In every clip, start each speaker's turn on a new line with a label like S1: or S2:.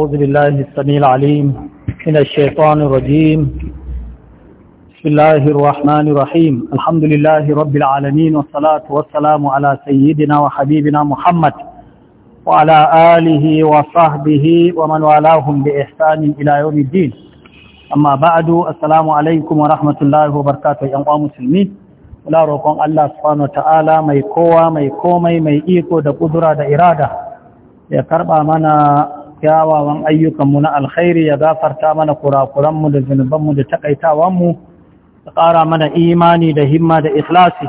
S1: أعوذ بالله السميع العليم من الشيطان الرجيم بسم الله الرحمن الرحيم الحمد لله رب العالمين والصلاة والسلام على سيدنا وحبيبنا محمد وعلى آله وصحبه ومن والاهم بإحسان إلى يوم الدين أما بعد السلام عليكم ورحمة الله وبركاته يا مسلمين ولا roƙon Allah subhanahu wataala mai kowa mai komai mai iko da kudura da irada ya karba mana kyawawan ayyukanmu na alkhairi ya gafarta mana kurakuranmu da zunubanmu da takaitawanmu ya ƙara mana imani da himma da ikhlasi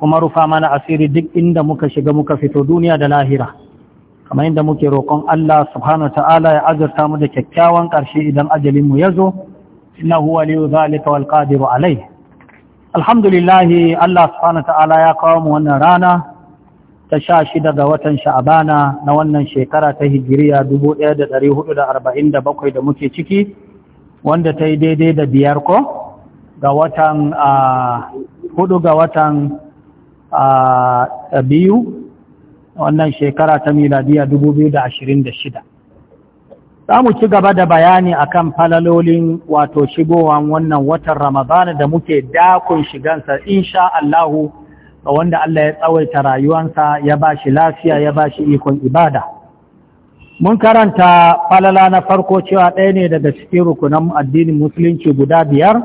S1: kuma rufa mana asiri duk inda muka shiga muka fito duniya da lahira kamar inda muke roƙon Allah subhanahu ta'ala ya azurta mu da kyakkyawan ƙarshe idan ajalinmu ya zo innahu liyu zalika wal qadiru alai alhamdulillah Allah subhanahu ta'ala ya kawo mu wannan rana ta sha shida ga watan sha'abana na wannan shekara ta hijiriya 1447 da muke ciki wanda ta yi daidai da biyar ko ga watan hudu ga watan biyu wannan shekara ta miladiya 2026 za mu ci gaba da bayani akan falalolin wato shigowan wannan watan ramadana da muke dakon shigansa insha Allahu ga wanda Allah ya tsawaita rayuwansa ya ba shi lafiya ya ba shi ikon ibada. Mun karanta falala na farko cewa ɗaya ne daga cikin rukunan addinin musulunci guda biyar,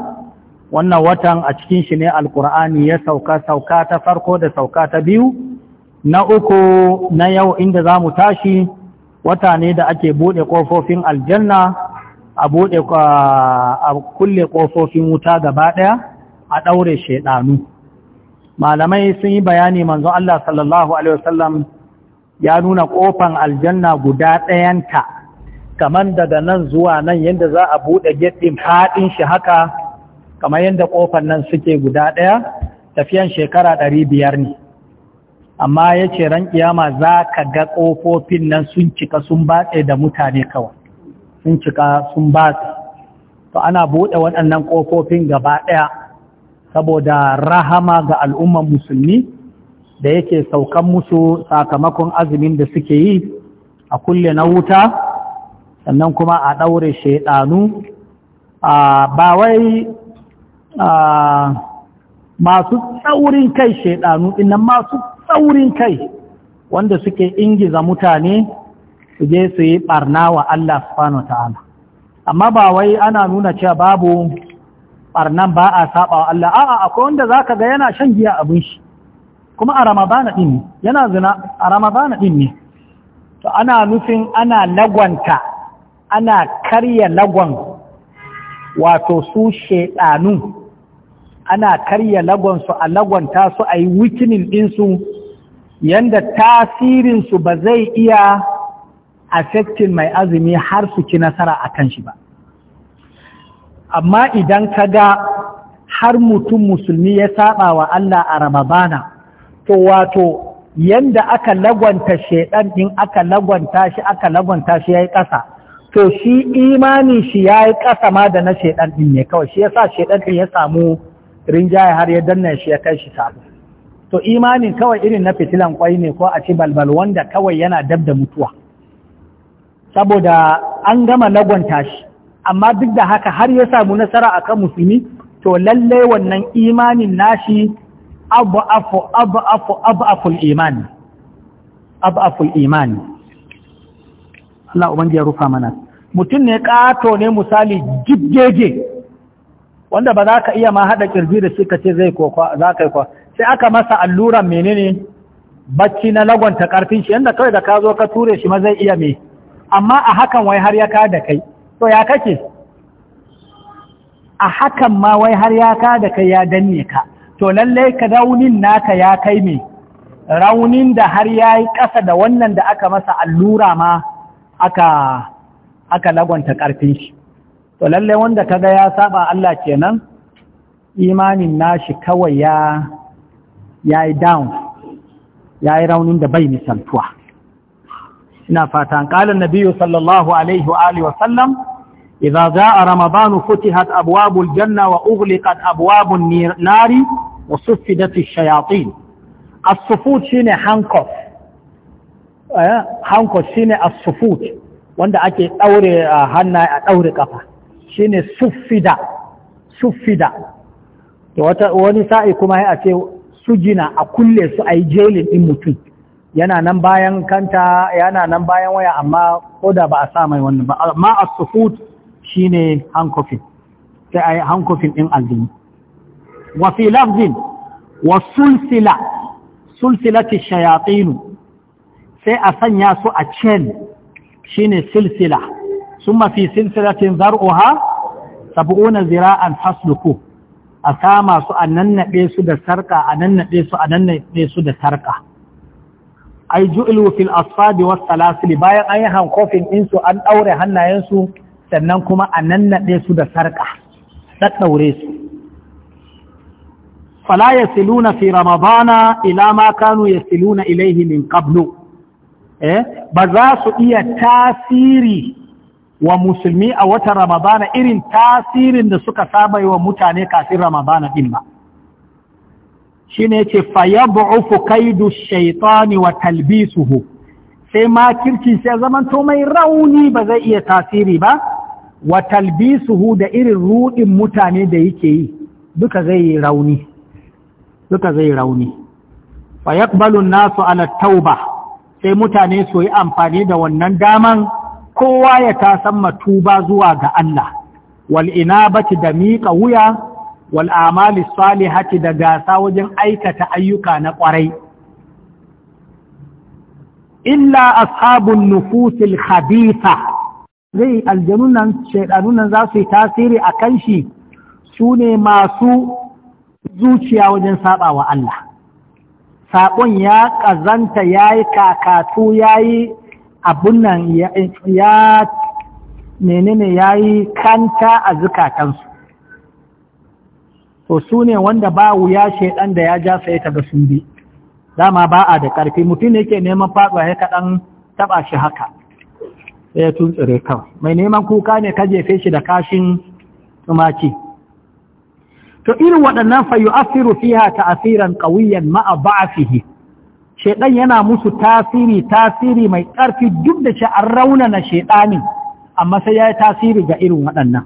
S1: wannan watan a cikin shi ne Alƙur'ani ya sauka sauka ta farko da sauka ta biyu, na uku na yau inda za mu tashi wata ne da ake buɗe ƙofofin aljanna a buɗe a kulle ƙofofin wuta gaba ɗaya a ɗaure shaiɗanu. malamai sun yi bayani manzo Allah sallallahu alaihi wasallam ya nuna ƙofan aljanna guda ɗayanta kamar daga nan zuwa nan yadda za a buɗe gate faɗin shi haka kamar yadda kofan nan suke guda ɗaya tafiyan shekara ɗari biyar ne amma yace ce ran kiyama za ka ga ƙofofin nan sun cika sun batse da mutane kawai sun cika sun batse to ana buɗe waɗannan ƙofofin gaba ɗaya saboda rahama ga al'umman musulmi da yake saukan musu sakamakon azumin da suke yi a kulle na wuta sannan kuma a ɗaure shaiɗanu ba wai masu tsaurin kai shaiɗanu ɗinnan masu tsaurin kai wanda suke ingiza mutane su je su yi ɓarna wa Allah subhanahu ta'ala amma ba ana nuna cewa babu barnan ba a saba Allah a'a akwai wanda zaka ga yana shan giya abin shi kuma a ramadana din yana zina a ramadana din ne to ana nufin ana lagwanta ana karya lagon wato su shaiɗanu ana karya lagonsu a lagwanta su a yi wikinin ɗinsu yanda tasirinsu ba zai iya affecting mai azumi har su ci nasara a kan shi ba amma idan ka ga har mutum musulmi ya saba wa Allah a Ramadana to wato yanda aka lagwanta shaidan din aka lagwanta shi aka lagwanta shi ya yi ƙasa to shi imani shi ya yi ƙasa ma da na shaidan din ne kawai shi sa shaidan din ya samu rinjaye har ya danna shi ya kai shi sabu to imanin kawai irin na fitilan kwai ne ko a ci balbal wanda kawai yana dab da mutuwa saboda an gama lagwanta shi amma duk da haka har ya samu nasara a kan musulmi to lallai wannan imanin nashi abu afu abu afu abu aful imani abu aful imani Allah ubangi ya rufa mana mutum ne kato ne misali jibgege wanda ba za ka iya ma haɗa kirji da shi ka ce zai kokwa za ka yi kwa sai aka masa alluran menene bacci na lagonta karfin shi yadda kawai da ka zo ka ture shi ma zai iya me amma a hakan wai har ya ka da kai to ya kake a hakan ma wai har ya ka da kai ya danne ka to lallai ka raunin naka ya kai me raunin da har ya yi ƙasa da wannan da aka masa allura ma aka aka lagwanta ƙarfin shi to lallai wanda kaga ya saba Allah kenan imanin nashi kawai ya yayi down yayi raunin da bai misaltuwa ina fatan qalan nabiyyu sallallahu alaihi wa alihi jaa ramadan futihat abwabul janna wa ughliqat abwabun nari wa suffidat shayatin as-sufut shine handcuff eh handcuff shine as-sufut wanda ake daure eh, hanna a daure kafa shine suffida suffida to wata wani sa'i kuma ya ce sujina a kulle su ayi yi ɗin din mutum yana nan bayan kanta yana nan bayan waya amma ko da ba a sa mai wannan ba amma as-sufut shine hankofin sai ai hankofin din aljini wa fi lafzin wa sulsila sulsilati shayatin sai a sanya su a chain shine silsila summa fi silsilatin zar'uha sab'una zira'an fasluku a sama su a nannaɗe su da sarka a nannaɗe su a nannaɗe su da sarka ai ju'ilu fil asfadi was salasili bayan an yi hankofin insu an ɗaure hannayensu sannan kuma a nannaɗe su da sarƙa ɗaɗɗaure su fala yasiluna fi ramadana ila ma kanu yasiluna ilaihi min qablu eh ba za su iya tasiri wa musulmi a watan ramadana irin tasirin da suka saba wa mutane kafin ramadana din ba shine yace fayab'u kaidu shaitani wa talbisuhu sai makirci sai zaman to mai rauni ba zai iya tasiri ba wa talbisuhu da irin ruɗin mutane da yake yi duka zai rauni duka zai rauni fa yaqbalu nasu ala tauba sai mutane su yi amfani da wannan daman kowa ya tasamma matuba zuwa ga Allah wal inabati da miƙa wuya wal'amali amali salihati da gasa wajen aikata ayyuka na kwarai illa ashabun nufusil khabitha zai aljanun nan shaidanun nan za su yi tasiri a kan shi su ne masu zuciya wajen saba wa Allah saƙon ya ƙazanta ya yi kakatu ya yi abun nan ya menene ya yi kanta a zukatansu to su ne wanda ba wuya shaidan da ya ja sai ga sun bi dama ba a da ƙarfi mutum ne ke neman faɗuwa ya kaɗan taɓa shi haka sai ya tuntsire kan mai neman kuka ne ka jefe shi da kashin tumaki to irin waɗannan fayyo, asiru fiha ta'asiran qawiyan ma'a ba'fihi Shaidan yana musu tasiri tasiri mai ƙarfi duk da shi an raunana shaidanin, amma sai ya yi tasiri ga irin waɗannan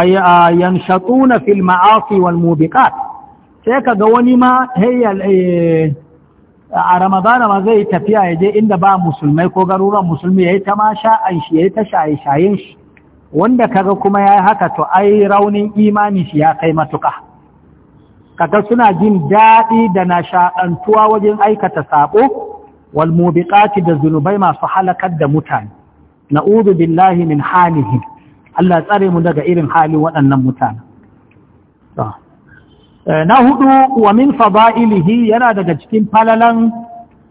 S1: yanshatuna fil ma'asi wal mubiqat sai kaga wani ma hayyal eh, a ramadana zai yi tafiya ya je inda ba musulmai ko garuruwan musulmi yayi ta masha an shi yayi ta shaye shayen shi wanda kaga kuma yayi haka to ai raunin imani shi ya kai matuka kaga suna jin daɗi da nashaɗantuwa wajen aikata saɓo wal da zunubai masu halakar da mutane na'udhu billahi min hanihim Allah tsare mu daga irin halin waɗannan mutane eh, na hudu wa min fada'ilihi yana daga cikin falalan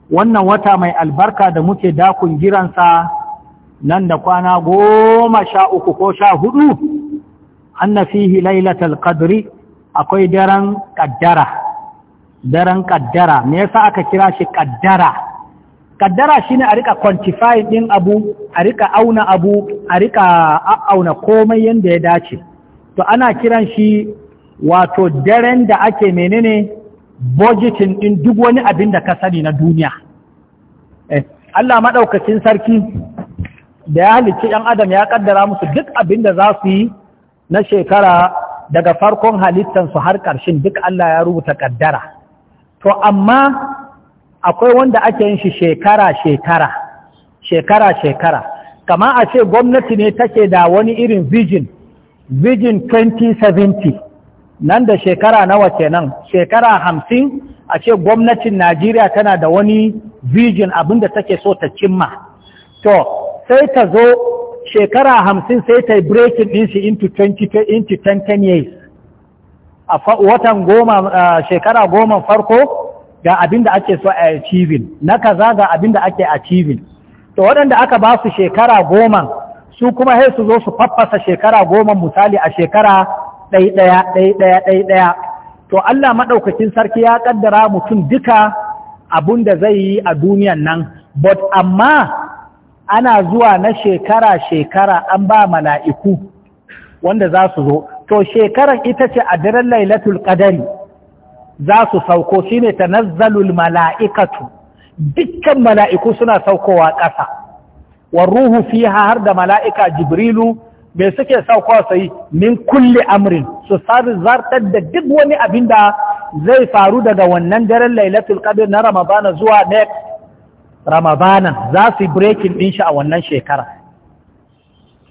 S1: wannan wata mai albarka da muke dakun jiransa nan da kwana goma sha uku ko sha hudu anna fihi lailatul qadri akwai daren ƙaddara, daren me yasa aka kira shi ƙaddara? kaddara shi ne a rika quantify ɗin abu a rika auna abu a rika auna komai yadda ya dace to ana kiran shi wato daren da ake menene budgeting ɗin duk wani abin da ka sani na duniya eh Allah maɗaukacin sarki da ya halicci yan adam ya kaddara musu duk abin da za su yi na shekara daga farkon halittansu har ƙarshen duk Allah ya rubuta kaddara to amma akwai wanda ake yin shi shekara-shekara shekara-shekara kama a ce gwamnati ne take da wani irin vision vision 2070 nan da shekara nawa kenan shekara hamsin a ce gwamnatin najeriya tana da wani vision abinda take so ta cimma to sai ta zo shekara hamsin sai ta yi breaking din into 2010 years a watan goma shekara goma farko ga abin da ake so a achieving na kaza ga abin da ake achieving to waɗanda aka ba su shekara goma su kuma sai su zo su faffasa shekara goma misali a shekara ɗaiɗaya ɗaiɗaya ɗaiɗaya to Allah maɗaukakin sarki ya ƙaddara mutum duka abin da zai yi a duniyan nan but amma ana zuwa na shekara-shekara an ba mala'iku wanda za su zo to shekarar ita ce a daren lailatul ƙadari za su sauko shine tanazzalul mala'ikatu dukkan mala'iku suna saukowa ƙasa wa ruhu fiha har da mala'ika jibrilu mai suke saukowa sai min kulle amrin su zartar da duk wani abin da zai faru daga wannan daren lailatul qadr na ramadana zuwa next ramadana za su breaking din shi a wannan shekara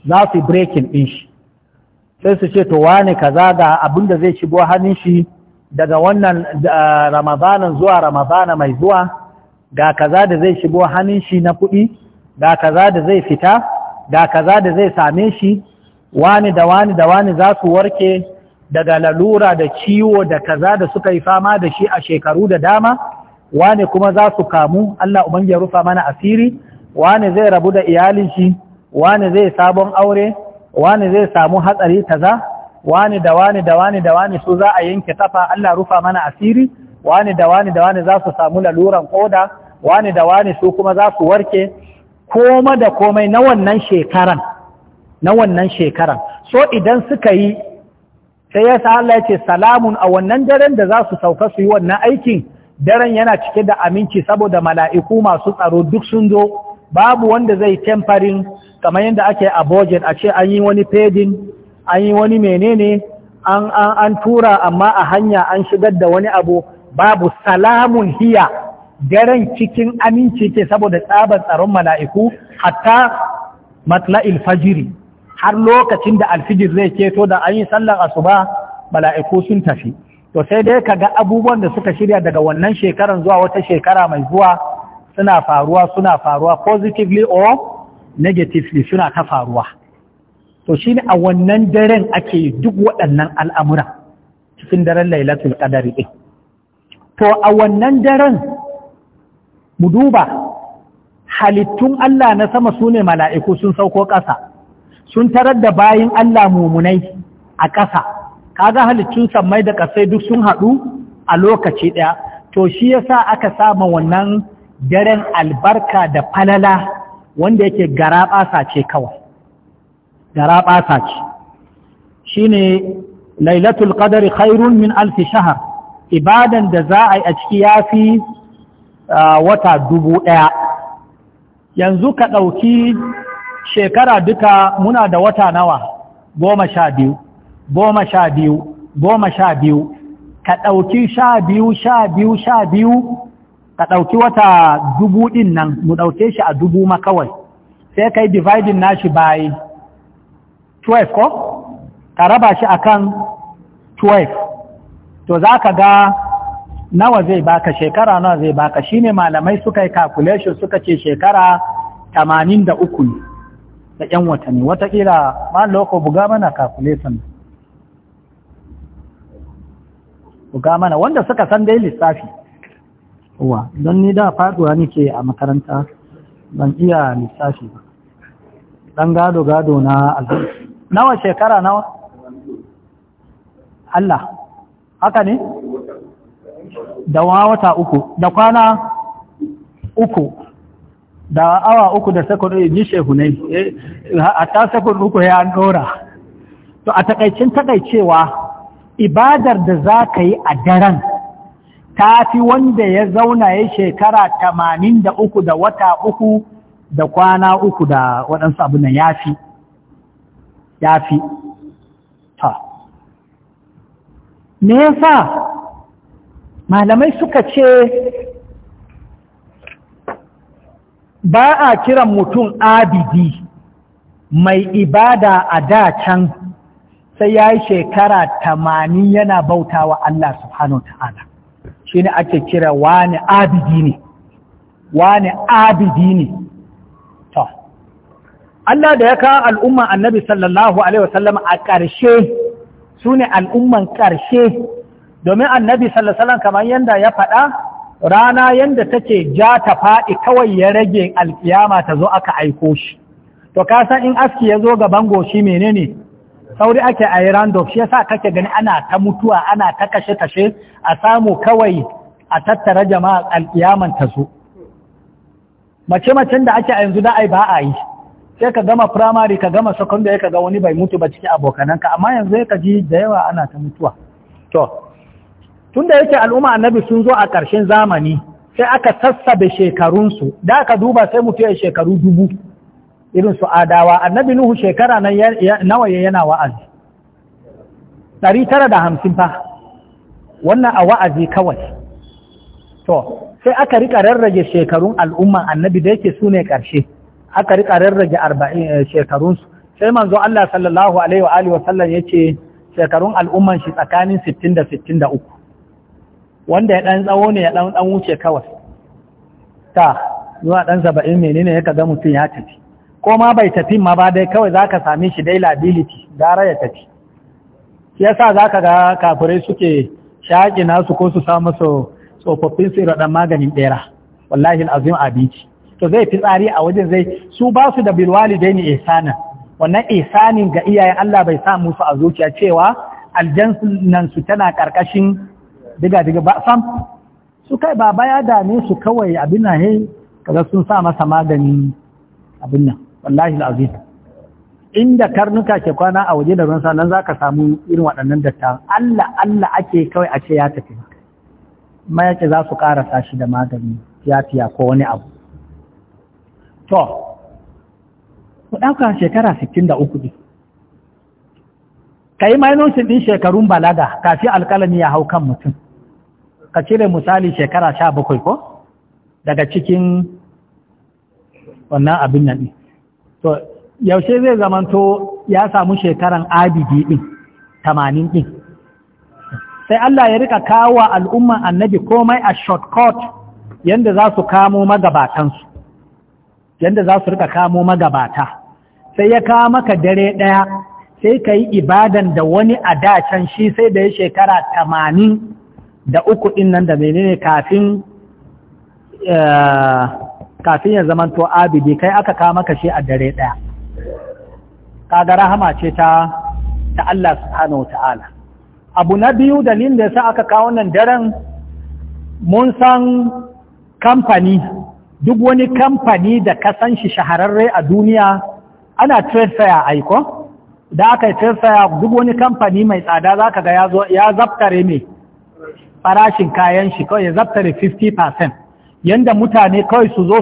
S1: za su breaking din shi sai su ce to wani kaza ga abin da zai shigo hannun shi daga wannan ramadanan zuwa ramadana mai zuwa ga kaza da zai shigo hannun shi na kuɗi ga kaza da zai fita ga kaza da zai same shi wani da wani da wani za su warke daga lalura da ciwo da kaza da suka yi fama da shi a shekaru da dama wani kuma za su kamu Allah ubangiya rufa mana asiri wani zai rabu da iyalin shi wani zai sabon aure wani zai samu hatsari kaza wani da wani da wani da wani su za a yanke tafa Allah rufa mana asiri wani da wani da wani za su samu laluran koda wani da wani su kuma za su warke koma da komai na wannan shekaran na wannan shekaran so idan suka yi sai ya sa Allah ya ce salamun a wannan daren da za su sauka su yi wannan aikin daren yana cike da aminci saboda mala'iku masu tsaro duk sun zo babu wanda zai temfarin kamar yadda ake a budget a ce an yi wani fedin. an yi wani menene an tura amma a hanya an shigar da wani abu babu salamun hiya daren cikin aminci ke saboda tsabar tsaron mala'iku hatta matla'il fajiri har lokacin da alfijir zai keto da an yi sallar asuba mala'iku sun tafi to sai dai ka ga abubuwan da suka shirya daga wannan shekaran zuwa wata shekara mai zuwa suna faruwa suna faruwa positively or negatively suna ta faruwa to shi ne a wannan daren ake duk waɗannan al'amura cikin daren lailatul ƙadari ɗin to a wannan daren mu duba halittun Allah na sama su ne mala'iku sun sauko ƙasa sun tarar da bayin Allah mumunai a ƙasa kaga halittun sammai da ƙasai duk sun haɗu a lokaci ɗaya to shi yasa aka sama wannan daren albarka da falala wanda yake garaɓa ce kawai gara ɓata ce shi ne lailatul ƙadari khairun min alfi shahar ibadan da za a yi a ciki ya fi wata dubu ɗaya yanzu ka ɗauki shekara duka muna da wata nawa goma sha biyu goma sha biyu goma sha biyu ka ɗauki sha biyu sha biyu sha biyu ka ɗauki wata dubu ɗin nan mu ɗauke shi a dubu ma kawai sai ka yi dividin nashi baya 12 ko ka raba shi akan 12 to za ka ga nawa zai baka shekara nawa zai baka Shi ne malamai suka yi calculation suka ce shekara 83 da yan watanni watakila ma loko buga mana calculation buga mana wanda suka san dai lissafi wa don ni da faduwa nike a makaranta ban iya lissafi ba dan gado gado na alhamdu nawa shekara nawa Allah haka ne da wata uku da kwana uku da awa uku da sekundari eh, ji shehu ne eh, a ta sekundu uku ya nora to a takaicin takaicewa ibadar da za ka yi a daren ta fi wanda ya zauna ya shekara tamanin da uku da wata uku da kwana uku da waɗansu abu na ya fi ya fi ta me yasa
S2: malamai suka ce
S1: ba a kiran mutum abidi mai ibada a da can sai ya yi shekara tamanin yana bautawa Allah subhanahu wa ta'ala shi ne ake kira wani abidi ne wani abidi ne Allah da ya kawo al'umman annabi sallallahu Alaihi wasallam a ƙarshe su ne al'umman ƙarshe domin annabi sallallahu kamar yadda ya faɗa rana yadda take ja ta faɗi kawai ya rage alƙiyama ta zo aka aiko shi. To kasan in aski ya zo gaban goshi menene sauri ake a yi randolph shi yasa kake gani ana ta mutuwa ana ta kashe-kashe a samu kawai a tattara jama'a alƙiyaman ta zo. Mace-macen da ake a yanzu da ai ba a yi. sai ka gama primary ka gama secondary ka ga wani bai mutu ba cikin abokananka amma yanzu ka ji da yawa ana ta mutuwa to da yake al'umma annabi sun zo a ƙarshen zamani sai aka sassabe shekarunsu da aka duba sai mutu ya shekaru dubu irin su adawa annabi nuhu shekara nan nawa ya yana wa'azi ɗari tara da hamsin fa wannan a wa'azi kawai to sai aka rika rarrage shekarun al'umma annabi da yake su ne ƙarshe aka rika rarrage arba'in eh, shekarunsu sai manzo Allah sallallahu alaihi wa alihi wasallam yace shekarun al'umman shi tsakanin 60 da 63 wanda ya dan tsawo ne ya dan dan wuce kawai ta zuwa dan 70 menene ya kaga mutum ya tafi ko ma bai tafi ma ba dai kawai zaka same shi dai liability gara ya tafi yasa zaka ga kafirai suke shaƙi nasu ko su samu so tsofaffin su iradan maganin ɗera wallahi al'azim abinci to zai tsari a wajen zai su ba su da ni ihsanan wannan ihsanin ga iyayen Allah bai sa musu a zuciya cewa aljannan su tana karkashin diga diga ba sam su kai baba ya dame su kawai abin nan hey kaga sun sa masa magani abin nan wallahi alazim inda karnuka ke kwana a waje da ruwan sa nan zaka samu irin waɗannan dattawan Allah Allah ake kawai a ce ya tafi yake za su ƙara shi da magani fiya ko wani abu to ku ɗauka shekara 63 ɗin. ka yi mainosin ɗin shekarun balaga kafin alƙalami ya hau kan mutum ka cire misali shekara 17 ko daga cikin wannan abin nan to yaushe zai zamanto ya samu shekaran abidi ɗin tamanin ɗin sai Allah ya rika kawo al'umman annabi komai a shortcut yadda za su kamo magabatansu Yanda za su rika kamo magabata sai ya kawo maka dare ɗaya sai ka yi ibadan da wani a dacan shi sai da ya shekara tamanin da uku ɗin nan da menene kafin eh, kafin ya zama to abidi kai aka kawo maka shi a dare ɗaya kaga rahama ce ta ta Allah subhanahu ta'ala abu na biyu dalilin da yasa aka kawo nan daren mun san kamfani duk wani kamfani da kasan shi shahararre a duniya ana trade fair aiko da aka yi trade fair duk wani kamfani mai tsada za ka ga ya zaftare mai farashin kayan shi kawai ya zaftare 50% yanda mutane kawai su zo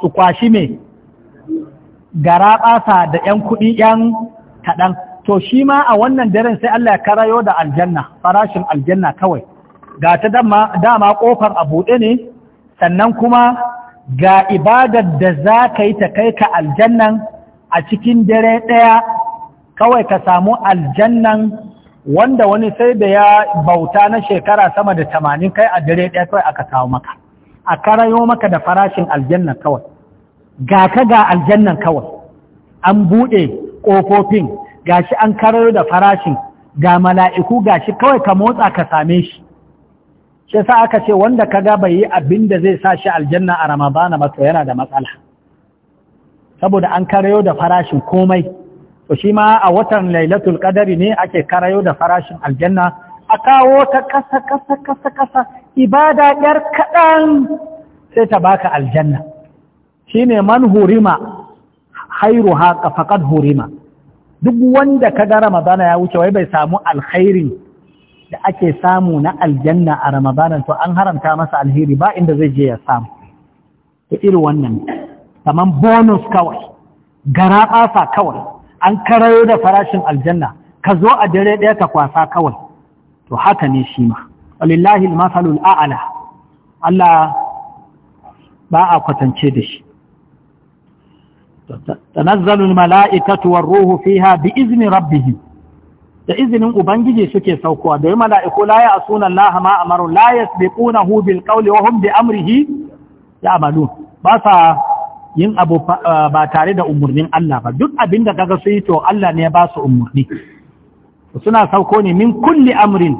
S1: su kwashi mai gara da 'yan kuɗi 'yan kaɗan to shi ma a wannan daren sai Allah ya karayo da aljanna farashin aljanna kawai ga ta dama kofar a buɗe ne sannan kuma ga ibadar da za ka yi ta kai ka aljannan a cikin dare ɗaya kawai ka samu aljannan wanda wani sai da ya bauta na shekara sama da tamanin kai a dare ɗaya kawai aka kawo maka a karayo maka da farashin aljannan kawai ga ka ga aljannan kawai an buɗe ƙofofin gashi an karayo da farashin ga mala'iku gashi kawai ka motsa ka same shi shi sa aka ce wanda ka ga bai yi abin da zai sa shi aljanna a ramadana ba to yana da matsala saboda an karayo da farashin komai to shi ma a watan lailatul qadari ne ake karayo da farashin aljanna a kawo ta kasa kasa kasa kasa ibada yar kaɗan sai ta baka aljanna shine man hurima hairuha faqad hurima duk wanda ka ga ramadana ya wuce wai bai samu alkhairin da ake samu na aljanna a ramadanan to an haramta masa alheri ba inda zai je ya samu ta irin wannan kamar bonus kawai gara ɓasa kawai an karayo da farashin aljanna ka zo a dare ɗaya ka kwasa kawai to haka ne shi ma walillahi masalul a'ala Allah ba a kwatance da shi tanazzalul mala'ikatu war ruhu fiha bi izni rabbihim da izinin ubangiji suke saukowa da yi mala'iku la ya sunan laha ma amaru la ya sbiquna hu bil qawli wa hum bi amrihi ya'malu ba sa yin abu eh, ba tare da umurnin Allah ba duk abin da kaga su yi to Allah ne ya ba su umurni suna sauko ne min kulli amrin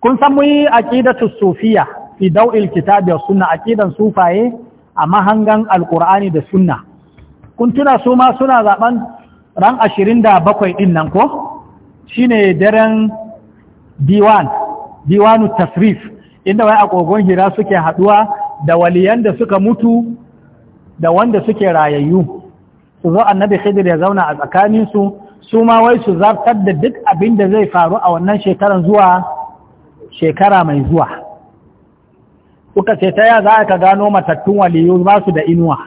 S1: kun san muyi aqidatu sufiya fi daw'il kitabi wa sunna aqidan sufaye a mahangan alqur'ani da sunna kun tuna su ma suna zaben ran 27 din nan ko shine daren diwan diwanu tasrif inda wai agogon hira suke haduwa da waliyan da suka mutu da wanda suke rayayyu su zo annabi khidir ya zauna a tsakaninsu su ma wai su zartar da duk abin da zai faru a wannan shekaran zuwa shekara mai zuwa Kuka ce ta ya za ka gano matattun waliyu ba su da inuwa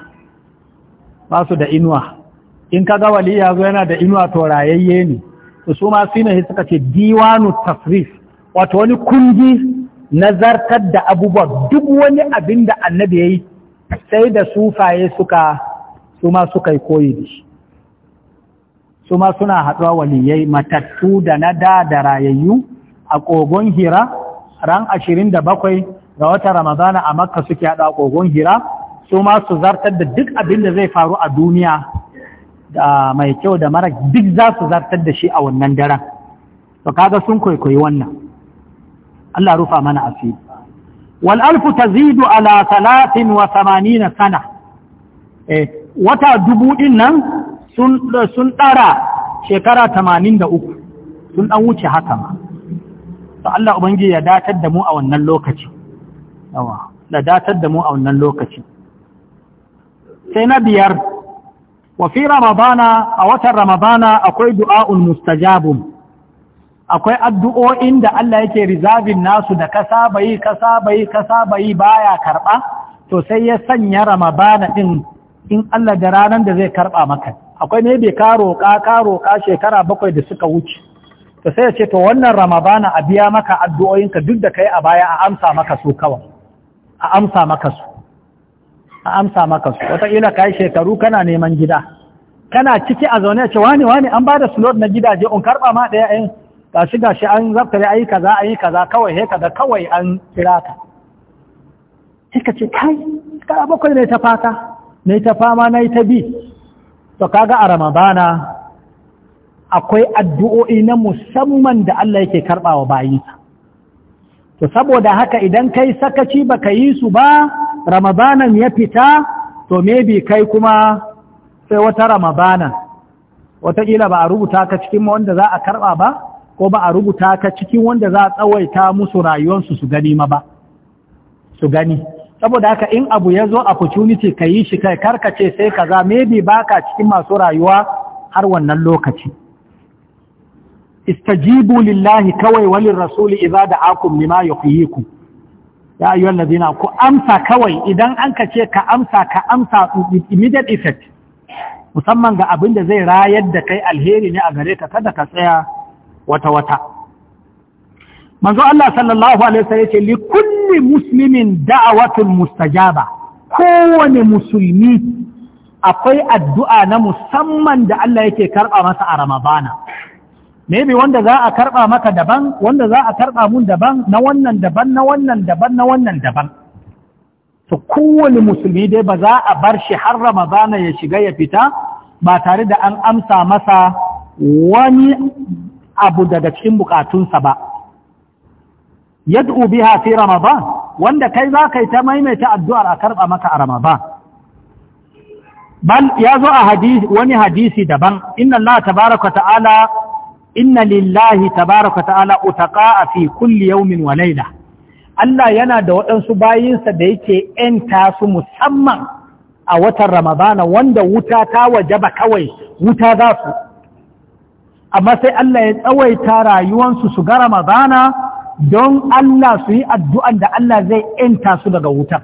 S1: ba su da inuwa in ka ga waliya zo yana da inuwa to rayayye ne su ma su ne suka ce diwanu tasrif wato wani kungi na zartar da abubuwa duk wani abin da annabi ya yi sai da sufaye suka su ma suka yi koyi da shi su ma suna haɗuwa waliyai matattu da na da da rayayyu a kogon hira ran ashirin da bakwai ga wata ramadana a makka suke haɗa kogon hira su ma su zartar da duk abin da zai faru a duniya da mai kyau da mara duk za su zartar da shi a wannan daren to kaga sun kwaikwayi wannan Allah rufa mana asiri wal alfu tazidu ala talatin wa samanina sana eh wata dubu din nan sun sun dara shekara 83 sun dan wuce haka ma to Allah ubangiji ya datar da mu a wannan lokaci yawa da datar da mu a wannan lokaci sai na biyar wa fi ramadana a watan ramadana akwai du'a'un mustajabun akwai addu'o'in da Allah yake rizabin nasu da ka saba yi ka saba yi ka saba yi baya karba to sai ya sanya ramadana din in Allah da ranar da zai karba maka akwai ne bai ka roƙa ka roƙa shekara bakwai da suka wuce to sai ya ce to wannan ramadana a biya maka addu'o'inka duk da kai a baya a amsa maka su kawai a amsa maka su a amsa maka su wataƙila ka yi shekaru kana neman gida kana ciki a zaune ce wani wani an ba da slot na gidaje in karɓa ma ɗaya shi ga shi an zaftare ayi kaza ayi kaza kawai he kaza kawai an kira ka sai ka ce kai ka bakwai yi ta fata yi ta fama na ta bi to kaga a ramadana akwai addu'o'i na musamman da Allah yake wa bayi to saboda haka idan kai sakaci baka yi su ba ramadanan ya fita to maybe kai kuma sai wata ramadanan wataƙila ba a rubuta ka cikin wanda za a karba ba ko ba a rubuta ka cikin wanda za a tsawaita musu rayuwarsu su gani ma ba su gani saboda haka in abu ya zo opportunity ka yi shi kai ce sai ka kaza maybe baka cikin masu rayuwa har wannan lokaci istajibu lillahi kawai walin rasuli idza da'akum lima yuhyikum ya ayyuhal ladina ku amsa kawai idan an ka ce ka amsa ka amsa immediate effect musamman ga abin da zai rayar da kai alheri ne a gare ka kada ka tsaya wata wata manzo Allah sallallahu alaihi wasallam yace li kulli muslimin da'awatul mustajaba kowane musulmi akwai addu'a na musamman da Allah yake karɓa masa a Ramadana maybe wanda za a karɓa maka daban wanda za a karɓa mun daban na wannan daban na wannan daban na wannan daban to kowane musulmi dai ba za a bar shi har ramadana ya shiga ya fita ba tare da an amsa masa wani abu daga cikin bukatunsa ba yad'u biha fi ramadan wanda kai za ka yi ta maimaita addu'ar a karɓa maka a ramadan bal ya zo a wani hadisi daban inna Allah tabaraka ta'ala inna lillahi tabaraka ta'ala utaqa'a fi kulli yaumin wa Allah yana da waɗansu bayinsa da yake ‘yanta su musamman a watan Ramadana wanda wuta ta wajaba kawai wuta za su, amma sai Allah ya tsawaita rayuwansu su ga Ramadana don Allah su yi addu'an da Allah zai ‘yanta su daga wutan.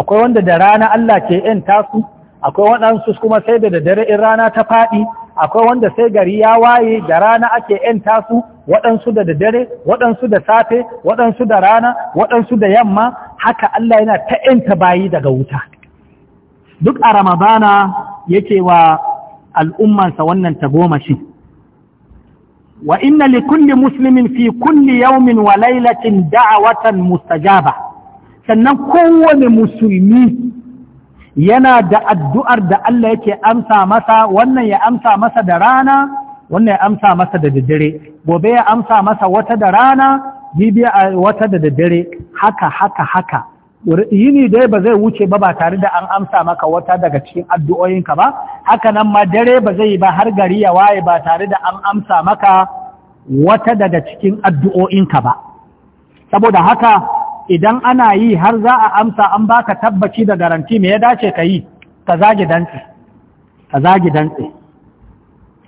S1: Akwai wanda da rana Allah ke ‘yanta su, akwai waɗansu kuma sai da dare in rana ta faɗi akwai wanda sai gari ya waye da rana ake yanta su, waɗansu da dare waɗansu da safe waɗansu da rana waɗansu da yamma haka Allah yana ta ‘yanta bayi daga wuta duk a ramadana yake wa al'ummansa wannan shi. wa inna li kulli muslimin fi kulli yaumin wa lailatin da'awatan mustajaba sannan kowane musulmi yana da addu'ar da Allah yake amsa masa wannan ya amsa masa da rana wannan ya amsa masa da daddare gobe ya amsa masa wata da rana jibiya wata da daddare haka haka haka yini dai ba zai wuce ba ba tare da an amsa maka wata daga cikin addu'o'inka ba haka nan ma dare ba zai yi ba har gari ya waye ba tare da an amsa maka wata daga cikin addu'o'inka ba saboda haka idan ana yi har za a amsa an baka tabbaci da garanti me ya dace ka yi ka zagi dantse ka zagi dantse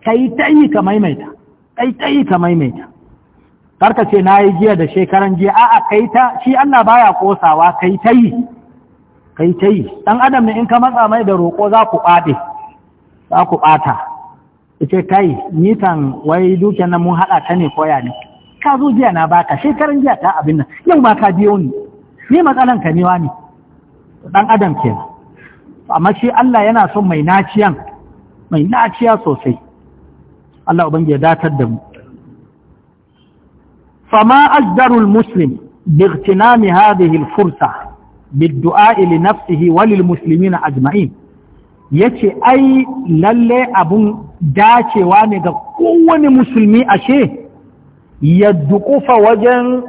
S1: ka yi ta yi ka maimaita ka yi ta yi ka maimaita karka ce na yi jiya da shekaran jiya a'a kai ta shi Allah baya kosawa kai ta yi kai ta yi dan adam ne in ka matsa mai da roƙo za ku ɓaɗe za ku ɓata ita kai ni kan wai dukiyar nan mun haɗa ta ne koya ne ka zo jiya na baka shekaran jiya ta abin nan yau ma ka biyo ni ne matsalan ka ne wani dan adam kenan amma shi Allah yana son mai naciyan mai naciya sosai Allah ubangiji ya datar da mu fama ajdarul muslim bi ihtinami hadhihi al fursa bid du'a li nafsihi wa lil yace ai lalle abun dacewa ne ga kowane musulmi ashe ya dukufa wajen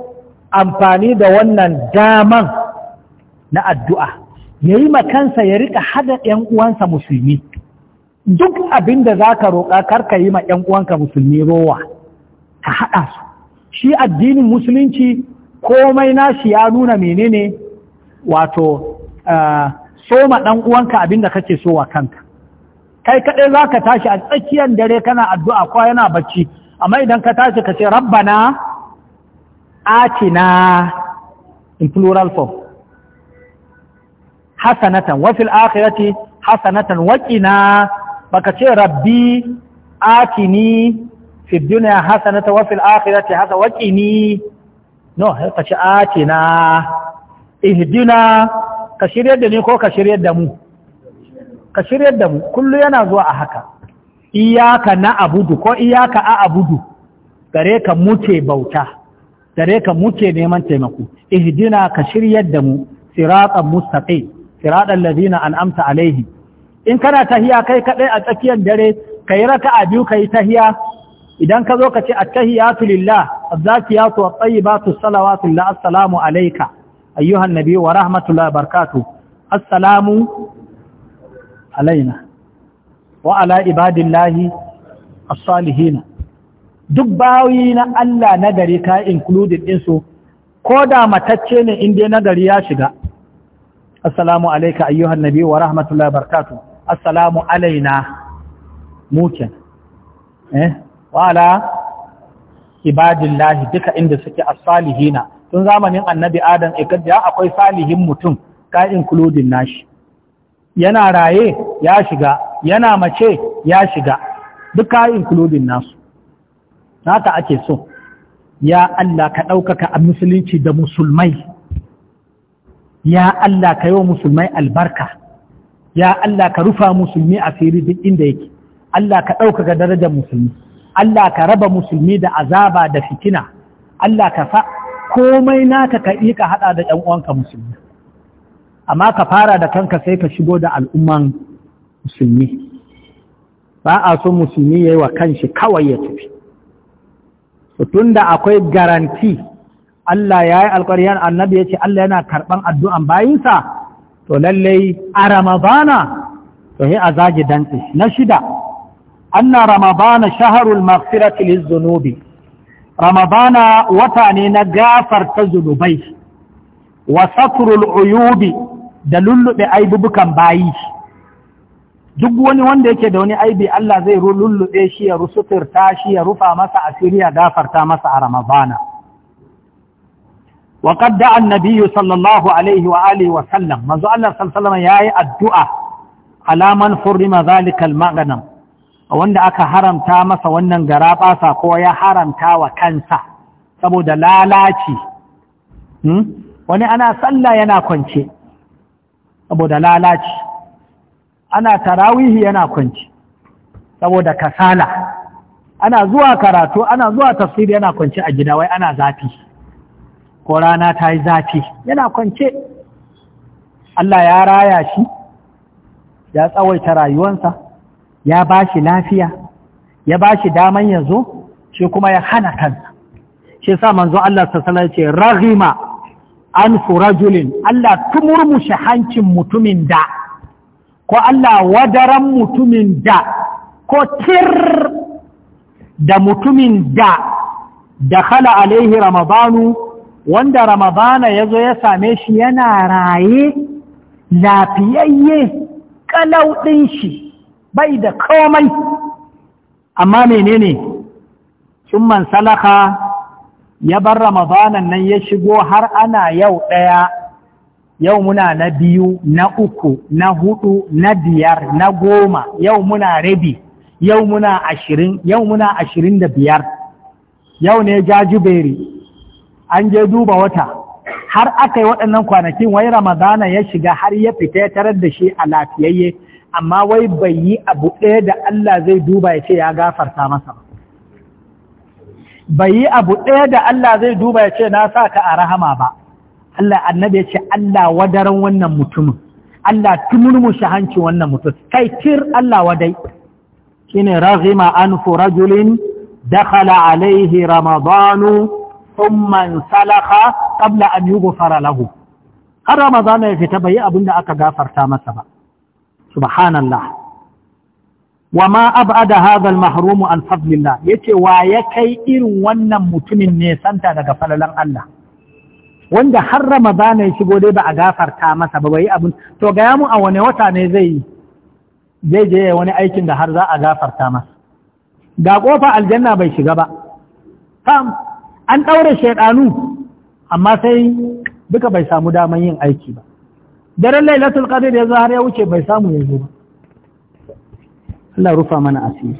S1: amfani da wannan daman na addu'a ya yi makansa ya rika hada ‘yan uwansa musulmi duk abin da za ka roƙa karka yi ma ‘yan uwanka musulmi rowa ka haɗa su shi addinin musulunci komai nashi ya nuna menene wato soma ɗan uwanka abin da kake so wa kanka kai kaɗai za ka tashi a tsakiyar dare kana addu'a ko yana bacci amma idan ka tashi ka ce rabbana atina in plural form hasanatan wafil akhirati hasanatan waqina baka ce rabbi atini fi dunya hasanatan wafil akhirati hasa waqini no ka ce atina ihdina ka shiryar da ni ko ka shiryar da mu ka shiryar da mu kullu yana zuwa a haka iyaka na abudu ko iyaka a abudu gare ka muke bauta gare ka muke neman taimako ihdina ka shiryar da mu siratan mustaqim siratan ladina an'amta alaihim in kana tahiya kai kadai a tsakiyar dare kai raka'a biyu kai tahiya idan ka zo ka ce attahiyatu lillah azzakiyatu wat-tayyibatu salawatu lillah assalamu alayka ayyuhan nabiy wa rahmatullahi wa barakatuh assalamu alaina wa ala ibadillahi as-salihin duk bayi na Allah nagari ka included din su ko da matacce ne in dai nagari ya shiga assalamu alayka ayyuhan nabi wa rahmatullahi wa barakatuh assalamu alaina muke eh wa ala ibadillahi duka inda suke as salihin tun zamanin annabi adam ikadda e akwai salihin mutum ka including nashi yana raye ya shiga yana mace ya shiga duka including nasu haka ake so ya Allah ka ɗaukaka a musulunci da musulmai ya Allah ka yi wa musulmai albarka ya Allah ka rufa musulmi a asiri duk inda yake Allah ka ɗaukaka darajar musulmi Allah ka raba musulmi da azaba da fitina Allah ka sa komai naka ka yi ka haɗa da ‘yan uwanka musulmi amma ka fara da kanka sai ka shigo da al'umman musulmi ba a so musulmi ya yi wa kanshi kawai ya tafi tun da akwai garanti Allah ya yi alkariyar annabi ya ce Allah yana karɓan addu'an bayinsa to lallai a ramadana to yi a zagi dantse na shida anna ramadana shaharul mafirati zunubi. ramadana wata ne na gafarta zunubai wa saturul uyubi da lullube aibubukan bayi duk wani wanda yake da wani aibi Allah zai lullube shi ya rusuturta shi ya rufa masa asiri ya gafarta masa a Ramadana wa qad da'a an sallallahu alaihi wa alihi wa sallam manzo Allah sallallahu ya yi addu'a alaman man hurrima zalika wanda aka haramta masa wannan garabasa ko ya haramta wa kansa saboda lalaci hmm? wani ana sallah yana kwance saboda lalaci ana tarawihi yana kwanci saboda kasala ana zuwa karatu ana zuwa tafsiri yana kwanci a gida wai ana zafi ko rana ta yi zafi yana kwance Allah ya raya shi ya tsawaita rayuwansa ya ba shi lafiya ya ba shi daman ya zo shi kuma ya hana kansa shi sa manzo Allah sassana ce raghima an furajulin Allah tumurmushe hancin mutumin da ko Allah wadaran mutumin da ko tir da mutumin da da kala alaihi ramadanu wanda ramadana ya zo ya same shi yana raye lafiyayye ƙalau ɗin shi bai da komai amma menene man salaka ya bar ramadanan nan ya shigo har ana yau ɗaya yau muna na biyu na uku na hudu na biyar na goma yau muna rabi yau muna ashirin yau muna ashirin da biyar yau ne jajiberi an je duba wata har aka yi waɗannan kwanakin wai ramadana ya shiga har ya fita ya tarar da shi a lafiyayye amma wai bai yi abu ɗaya da Allah zai duba ya ce ya gafarta masa ba bai yi abu ɗaya da Allah zai duba ya ce na sa ka a rahama ba Allah annabi ya ce Allah wadaran wannan mutumin Allah tumurmushe hanci wannan mutum kai tir Allah wadai shine raghima anfu rajulin dakhala alaihi ramadanu thumma salaka qabla an yughfara lahu har ramadana ya fita bai abinda aka gafarta masa ba subhanallah ma abada hadha al-mahrum an fadlillah yace wa ya kai irin wannan mutumin ne santa daga falalan Allah wanda har ramadana ya shigo dai ba a gafarta masa ba bai abin to ga yamu a wani wata ne zai zai je wani aikin da har za a gafarta masa ga kofa aljanna bai shiga ba Fam! an daure shaidanu amma sai duka bai samu daman yin aiki ba daren lailatul qadr yanzu har ya wuce bai samu yanzu ba Allah rufa mana asiri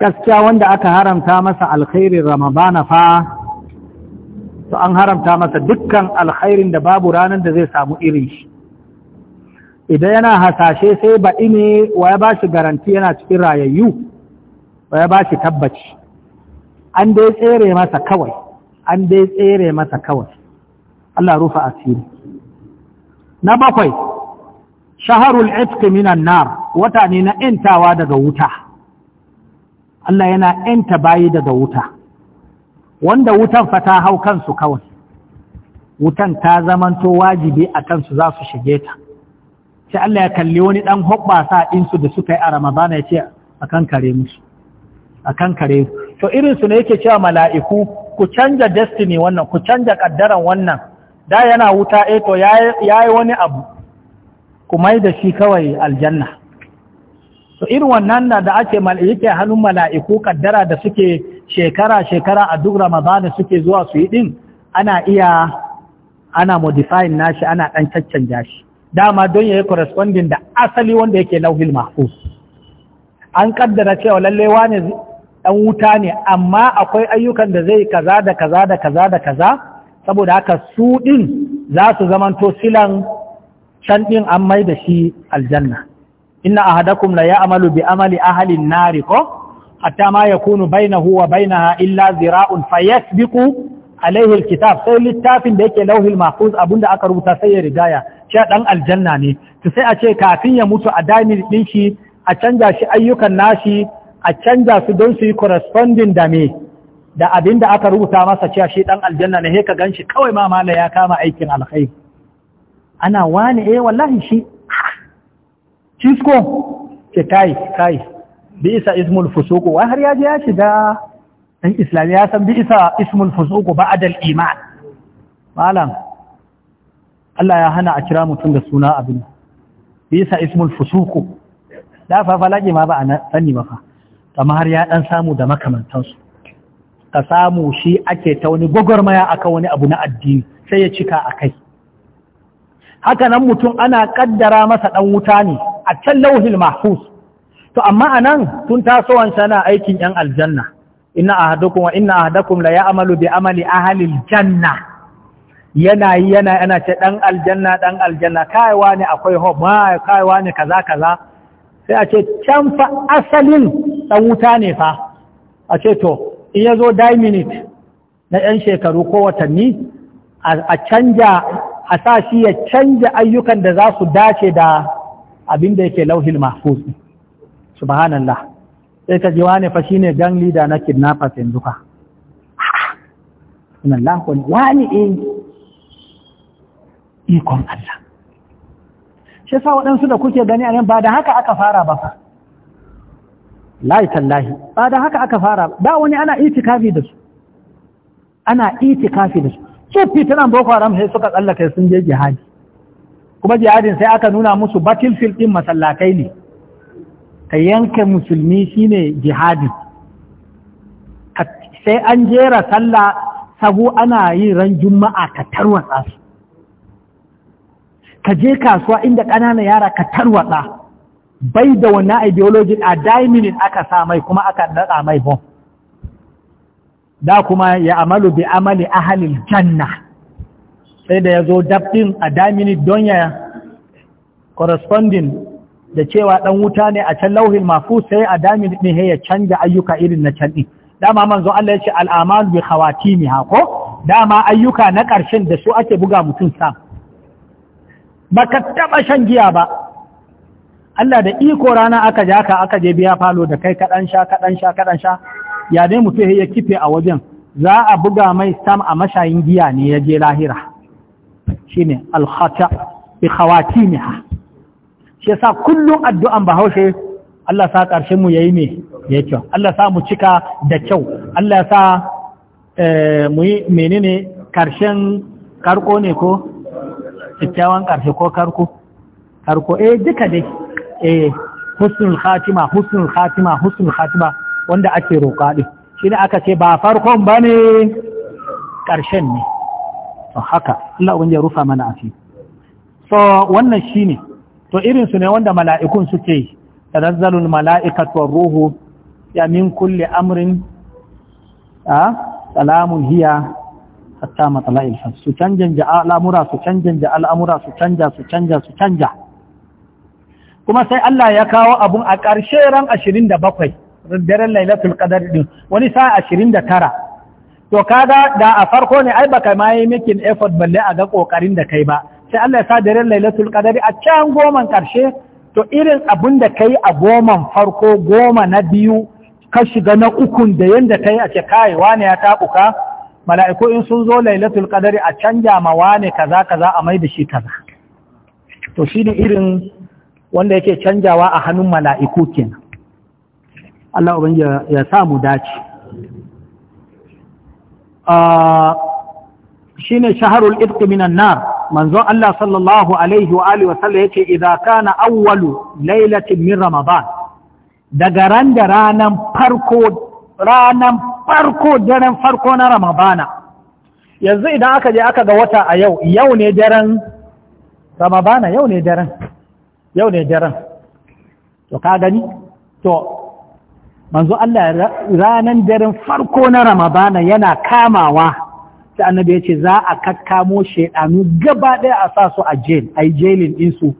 S1: gaskiya wanda aka haramta masa alkhairin ramadana fa to an haramta masa dukkan alkhairin da babu ranar da zai samu irin shi idan yana hasashe sai ba ne wa ya ba shi garanti yana cikin rayayyu wa ya ba shi tabbaci an dai tsere masa kawai an dai tsere masa kawai Allah rufa asiri na bakwai shaharul itqi minan nar wata ne na ‘yantawa daga wuta Allah yana ‘yanta bayi daga wuta wanda wutan fata hau kansu kawai wutan ta zamanto wajibi a kansu za su shige ta sai Allah ya kalli wani dan hoɓɓasa insu da suka yi a ramadana ya ce a kan kare musu a kan kare to irinsu ne yake cewa mala'iku ku canja destiny wannan ku canja ƙaddaran wannan da yana wuta eh ya yi wani abu ku mai da shi kawai aljanna to irin wannan da ake yake hannun mala'iku kaddara da suke shekara-shekara a duk ramadana suke zuwa su yi ɗin ana iya ana modifying nashi ana ɗan caccanja shi dama don ya yi corresponding da asali wanda yake lauhil mahfuz an kaddara cewa lalle wane ɗan wuta ne amma akwai ayyukan da zai kaza da kaza da kaza da kaza saboda haka su ɗin za su zamanto silan can ɗin an mai da shi aljanna inna ahadakum la ya'malu bi amali ahli nari ko hatta ma yakunu bainahu wa bainaha illa zira'un fayasbiqu alaihi alkitab sai littafin da yake lauhil mahfuz abinda aka rubuta sai ya rigaya shi dan aljanna ne to sai a ce kafin ya mutu a dami din shi a canja shi ayyukan nashi a canja su don su yi corresponding da me da abin da aka rubuta masa cewa shi dan aljanna ne sai ka ganshi kawai ma mala ya kama aikin alkhairi ana wani eh wallahi shi cisko ce kai kai bi'isa ismul fusuq wai har ya je ya shiga dan islami ya san bi'isa ismul fusuq iman malam Allah ya hana a kira mutum da suna abin bisa ismul fusuku da fa ma ba a sani ba fa amma har ya dan samu da makamantansu ka samu shi ake ta wani gwagwarmaya aka wani abu na addini sai ya cika a kai haka nan mutum ana kaddara masa dan wuta ne a can lauhil mahfuz to amma anan tun tasowan sana aikin yan aljanna inna ahadukum wa inna ahadakum la ya'malu bi amali ahli aljanna yana yana yana ce dan aljanna dan aljanna kai ne akwai ho ma kai ne kaza kaza sai a ce can fa asalin dan wuta ne fa a ce to in yazo dai minute na yan shekaru ko watanni a canja a sa shi ya canja ayyukan da za su dace da abin da yake lauhil mahfuz subhanallah sai ka ji wane fa ne gang leader na kidnappers yanzu fa subhanallah wani eh ikon Allah shi sa waɗansu da kuke gani a nan ba da haka aka fara ba fa layi lahi ba da haka aka fara ba da wani ana itikafi da su ana itikafi da su su fitinan boko haram sai suka tsallaka sun je jihadi kuma jihadin sai aka nuna musu battlefield din masallakai ne ka yanka musulmi shine jihadi sai an jera sallah sabu ana yi ran juma'a ka tarwatsa su ka je kasuwa inda ƙananan yara ka tarwatsa bai da wannan ideology a daiminin aka sa mai kuma aka naɗa mai bom da kuma ya amalu bi amali ahalil janna sai da ya zo dafin a daiminin don ya corresponding da cewa dan wuta ne a can lauhin mafu sai a dami ne ya canja ayyuka irin na can din dama manzo Allah ya ce al'amal bi khawatimiha ko dama ayyuka na ƙarshen da su ake buga mutum sa baka taba shan giya ba Allah da iko rana aka ja ka aka je biya falo da kai kaɗan sha kaɗan sha kaɗan sha ya dai mutum ya kife a wajen za a buga mai sam a mashayin giya ne ya je lahira shine al-khata bi ha. shi sa kullum addu'an bahaushe Allah sa ƙarshen mu yayi me ya kyau Allah sa mu cika da kyau Allah sa eh, mu yi menene ƙarshen karko ne ko cikyawan ƙarshe ko karko karko eh duka dai eh husnul khatima husnul khatima husnul khatima wanda ake roƙa din ne aka ce ba farkon bane ƙarshen ne to haka Allah ubangiji ya rufa mana asiri so wannan shine to irin su ne wanda mala'ikun suke tanazzalul mala'ikatu war ruhu ya min kulli amrin a salamun hiya hatta matala'il fajr su canjanja al'amura su canjanja al'amura su canja su canja su canja kuma sai Allah ya kawo abun a ƙarshe ran 27 daren lailatul qadar din wani sa 29 to kaga da a farko ne ai baka ma yi making effort balle a ga kokarin da kai ba sai Allah ya sa daren lailatul qadari a can goman karshe to irin abin da kai a goman farko goma na biyu ka shiga na ukun da yanda kai a ce kai wane ya ka? mala'iku in sun zo lailatul qadari a canja ma wane kaza kaza a mai da shi kaza to shine irin wanda yake canjawa a hannun mala'iku kenan Allah ubangi ya mu dace ah, shine shaharul ibti minan nar manzon Allah sallallahu alaihi wa alihi wasallam yace idza kana awwalu lailatin min ramadan daga ran da ranan farko ranan farko daren farko na ramadana yanzu idan aka je aka ga wata a yau yau ne daren ramadana yau ne daren yau ne daren to ka gani to manzo Allah ranan daren farko na ramadana yana kamawa sai annabi ya ce za a kakkamo shaidanu gaba ɗaya a sa su a jail a yi jailin ɗinsu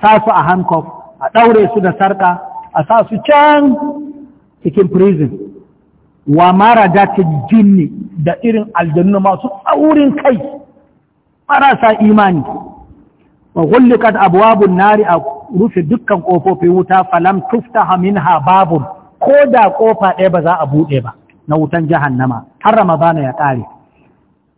S1: sa su a handcuff a ɗaure su da sarka a sa su can cikin prison wa mara dace jinni da irin aljanu masu tsaurin kai marasa imani wa gullikat abwabun nari a rufe dukkan kofofi wuta falam tufta, hamin ha babun ko da kofa ɗaya ba za a buɗe ba na wutan jahannama har ramadana ya ƙare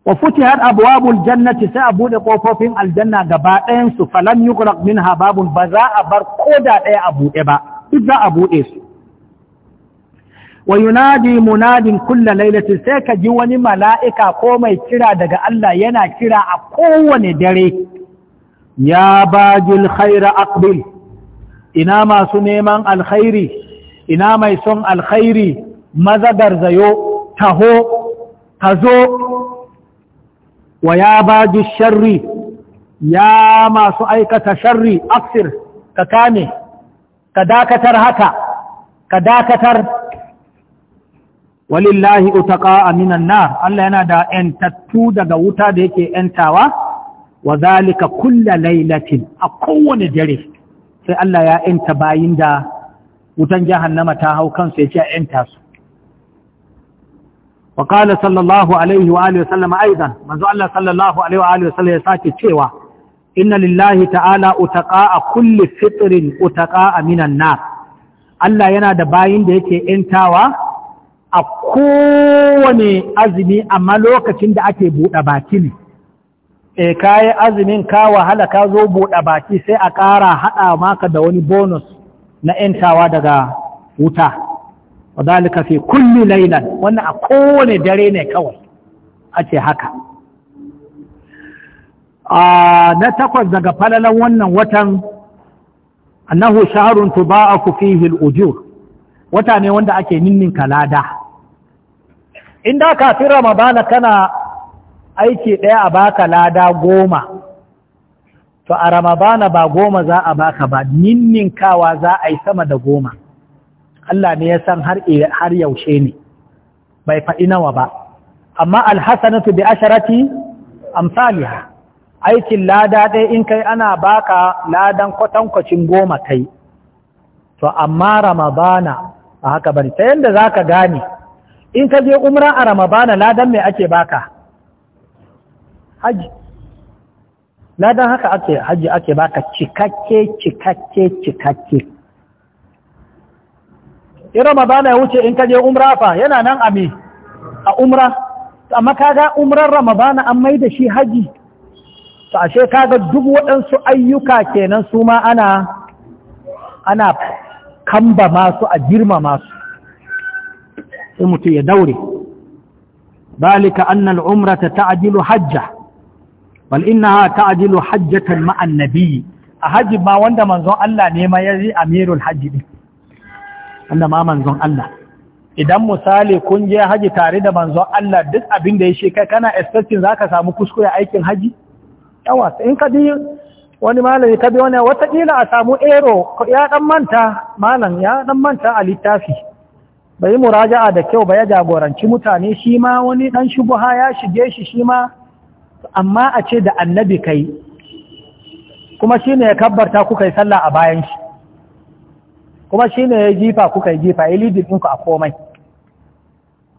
S1: wa futihat abwabul jannati sai a bude kofofin aljanna gaba ɗayan su falan yughraq minha babun ba za a bar koda ɗaya a bude ba duk za a bude su wa yunadi munadin kulla lailatin sai ka ji wani mala'ika ko mai kira daga Allah yana kira a kowane dare ya bajil khaira aqbil ina masu neman alkhairi ina mai son alkhairi maza garzayo taho tazo wa ya ji sharri ya masu aikata sharri aksir ka kame ka dakatar haka ka dakatar walillahi utaka Aminan na. Allah yana da yantattu daga wuta da yake yantawa wa zalika kulla lailatin a kowane dare sai Allah ya yanta bayin da wutan jahannama ta hau kansu ya ce yanta su Waƙala sallallahu alaihi wa'ale wa sallama aizan, manzu Allah Sallallahu alaihi wa'ale wa sallama ya sake cewa, inna lillahi ta'ala utaƙa'a kulle fiƙirin utaƙa'a minan na. Allah yana da bayan da yake ke entawa a kowane azimi amma lokacin da ake ke baki ne. E kayan azimin ka wahala ka zo buɗa baki sai a ƙara haɗa maka da wani bonus na entawa daga wuta. wa zalika fi kulli Lailan, wannan a kowane dare ne kawai a ce haka na takwas daga falalan wannan watan annahu shahrun tuba'u fihi al-ujur wata ne wanda ake ninninka lada in da kafin ramadana kana aiki ɗaya a baka lada goma to a ramadana ba goma za a baka ba ninninkawa za a yi sama da goma Allah ne ya san e, har yaushe ne bai faɗi nawa ba amma alhassanatu bi asharati amsaliha aikin lada ɗaya in kai ana baka ladan kwatankwacin goma kai to amma ramabana a haka bari. ta yadda za ka gane in ka je umra a ramabana ladan mai ake baka haji ladan haka ake haji ake baka cikakke cikakke cikakke in ramadana ya wuce in kaje umra fa yana nan a me a umra amma kaga umrar ramadana an mai da shi haji to ashe kaga duk waɗansu ayyuka kenan su ma ana ana kamba masu a girma masu sai mutum ya daure balika annal ta ta'jilu hajja bal innaha ta'jilu hajjatan ma'an nabiyyi a haji ma wanda manzon Allah ne ma yaji amirul hajji din Allah ma manzon Allah idan misali kun je haji tare da manzon Allah duk abin da ya shi kai kana expecting zaka samu kuskure aikin haji yawa in ka bi wani malami ka bi wani watakila a samu ero ya dan manta malam ya dan manta a littafi bai muraja'a da kyau ba ya jagoranci mutane shi ma wani dan shubuha ya shige shi shi ma amma a ce da annabi kai kuma shi ne ya kabbarta kuka yi sallah a bayan shi kuma shi ne ya jifa kuka yi jifa ya lidin ɗinku a komai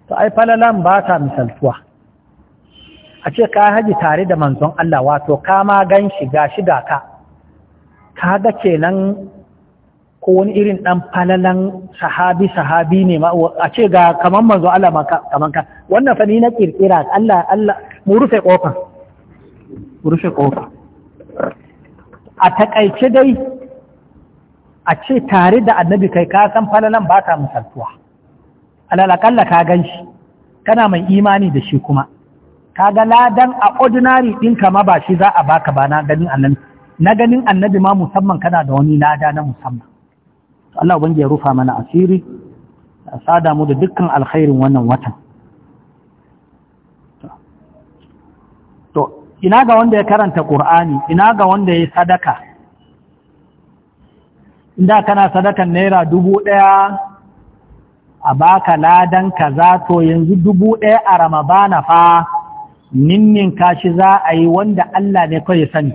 S1: to ai falalan ba ta misaltuwa a ce ka haji tare da manzon Allah wato ka ma gan shi ga shi ga ka ka ga kenan ko wani irin ɗan falalan sahabi sahabi ne ma a ce ga kaman manzon Allah kaman ka wannan fani na kirkira Allah Allah mu rufe kofa mu rufe kofa a takaice dai a ce tare da annabi kai ka san falalan ba ta misaltuwa alalakalla ka gan shi kana mai imani da shi kuma ka ga ladan a ordinary ɗinka ma ba shi za a baka ba na ganin annabi na ganin annabi ma musamman kana da wani lada na musamman Allah ubangi ya rufa mana asiri a sada mu da dukkan alkhairin wannan watan to ina ga wanda ya karanta Qur'ani ina ga wanda ya sadaka inda kana sadakan naira dubu ɗaya a baka ladan kaza to yanzu dubu ɗaya a ramabana fa ninnin kashi za a yi wanda Allah ne kawai sani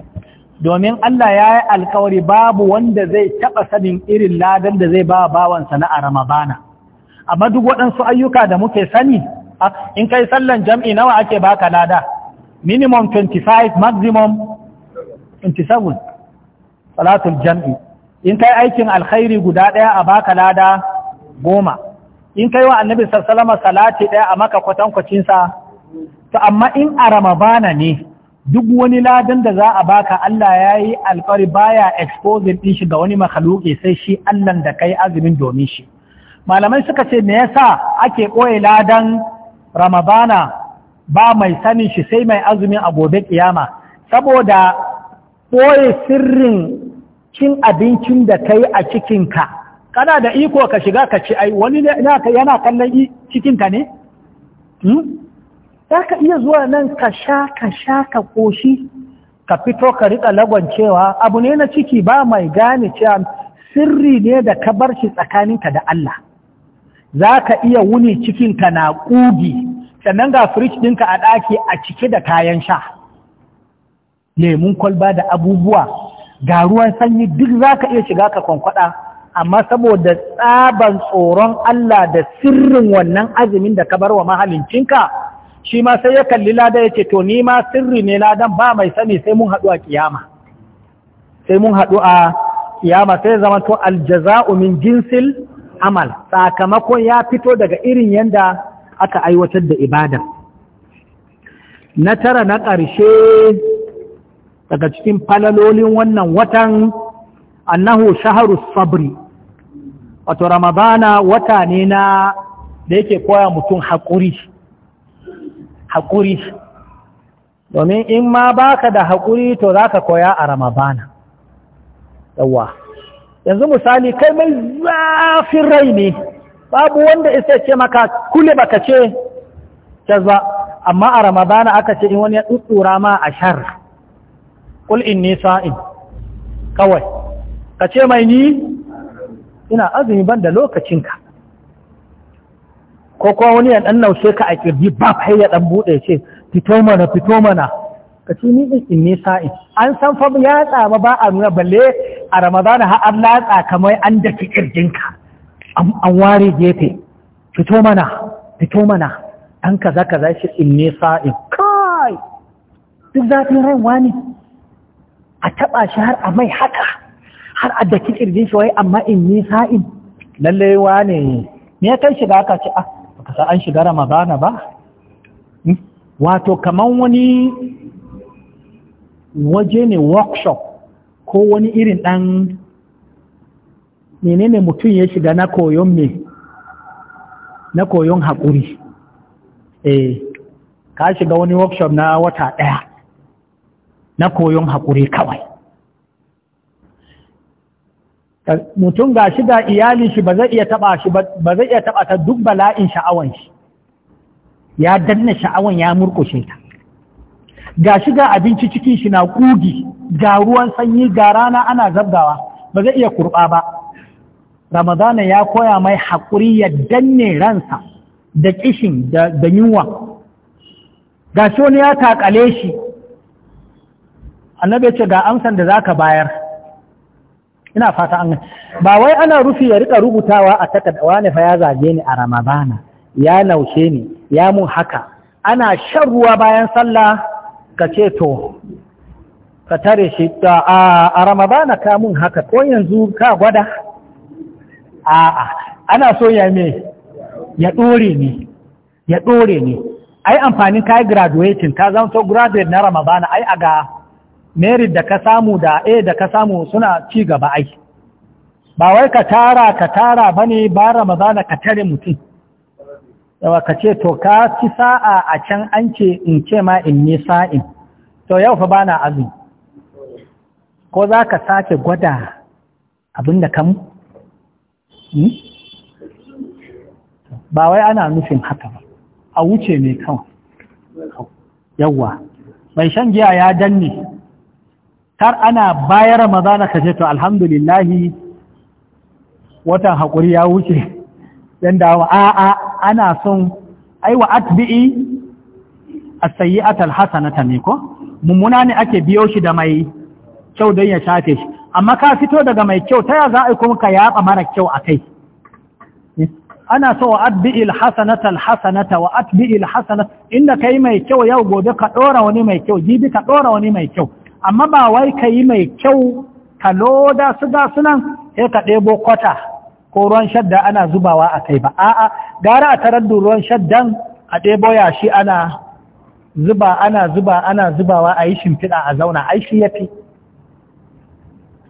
S1: domin Allah ya yi alkawari babu wanda zai taɓa sanin irin ladan da zai ba bawansa na a ramabana amma duk waɗansu ayyuka da muke sani in kai sallan jam'i nawa ake baka lada minimum 25 maximum 27 salatul jam'i in kai aikin alkhairi guda ɗaya a baka lada goma in kai wa annabi sallama salati ɗaya a maka kwatankwacinsa to amma in a ramabana ne duk wani ladan da za a baka Allah ya yi alkari baya exposing ɗin shi ga wani makhaluki sai shi allah da kai azumin domin shi malamai suka ce me yasa ake ɓoye ladan ramabana ba mai sanin shi sai mai azumin a gobe kiyama saboda ɓoye sirrin cin abincin da yi a cikinka kana da iko ka shiga ka ci ai wani yana kallon cikinka ne hmm? za ka iya zuwa nan ka sha ka sha ka ƙoshi ka fito ka riƙa lagon cewa abu ne na ciki ba mai gane cewa sirri ne da ka bar shi tsakaninka da Allah za ka iya wuni cikinka na ƙugi sannan ga firij ɗinka a ɗaki a cike da kayan sha lemun kwalba da abubuwa ga ruwan sanyi duk za ka iya shiga ka kwankwada amma saboda tsaban tsoron Allah da sirrin wannan azumin da ka bar wa mahalincinka shi ma sai ya kalli lada ya ce to ni ma sirri ne ladan ba mai sani sai mun haɗu a kiyama sai mun haɗu a kiyama sai zama to aljaza'u min jinsil amal sakamakon ya fito daga irin yanda aka aiwatar da ibada na tara na ƙarshe daga cikin falalolin wannan watan annahu shaharu sabri wato ramadana wata ne na da yake koya mutum hakuri, haƙuri domin in ma baka da hakuri to za ka koya a ramadana yawa yanzu misali kai mai zafin rai ne babu wanda isa ce maka kule baka ce ba amma a ramadana aka ce in wani ya tsutsura ma a shar kul inni sa'in kawai ka ce mai ni ina azumi ban da lokacinka ko kuma wani ya ɗan naushe ka a kirji ba fa ya ɗan buɗe ce fito mana fito mana ka ce ni in inni sa'in an san fa ya tsama ba a nuna balle a ramadana ha an latsa kamar an daki kirjinka an ware gefe fito mana fito mana ɗan kaza kaza shi inni sa'in kai duk zafin rai wani a taɓa shi har a mai haka har a daki ƙirgin shi wai amma in yi sa'in lalle wa ne me kai shiga ka ce ah, a? sa an shiga ramadana ba hmm? wato kamar wani waje ne workshop ko wani irin ɗan menene mutum ya shiga na koyon me na koyon haƙuri eh ka shiga wani workshop na wata ɗaya na koyon haƙuri kawai mutum ga shi ga iyalin shi ba zai iya taɓa ta duk bala'in sha'awan shi ya danna sha'awan ya murkushe ta ga shi ga abinci cikin shi na ƙugi, ga ruwan sanyi ga rana ana zabgawa ba zai iya kurɓa ba ramadana ya koya mai haƙuri ya danne ransa da ƙishin da yunwa ga shi wani ya taƙale shi annabi ce ga amsan da zaka bayar ina fata an ba wai ana rufi ya rika rubutawa a takarda wani fa ya zage ni a ramadana ya naushe ni ya mun haka ana shan ruwa bayan sallah ka ce to ka tare shi a ramadana ka mun haka ko yanzu ka gwada a'a ana so ya me ya dore ni, ya dore ni. ai amfanin kai graduating ka zanto so graduate na ramadana ai a ga merit da ka samu da a da ka samu suna ci gaba ai ba wai ka tara ka tara bane ba ramadana ka tare mutum yawa ka ce to ka ci sa'a a can an ce in ce ma in ne sa'in to yau fa bana azumi ko za ka sake gwada abin da kamu? Hmm? ba wai ana nufin haka ba a wuce mai kawai yawwa mai shan giya ya danne kar ana bayar mazana ka ce to alhamdulillahi watan haƙuri ya wuce dan dawo a'a ana son aiwa atbi'i as-sayyi'ata al-hasanata ne ko mummuna ne ake biyo shi da mai kyau don ya shafe shi amma ka fito daga mai kyau ta ya za a kuma ka yaba mara kyau a kai ana so wa atbi'i al-hasanata wa atbi'i al inda kai mai kyau yau gobe ka ɗora wani mai kyau jibi ka ɗora wani mai kyau amma ba wai ka yi mai kyau ka loda su ga sunan sai ka ɗebo kwata ko ruwan shadda ana zubawa a kai ba a'a gara a tarar da ruwan shaddan a ɗebo yashi ana zuba ana zuba ana zubawa a yi shimfiɗa a zauna ai shi ya fi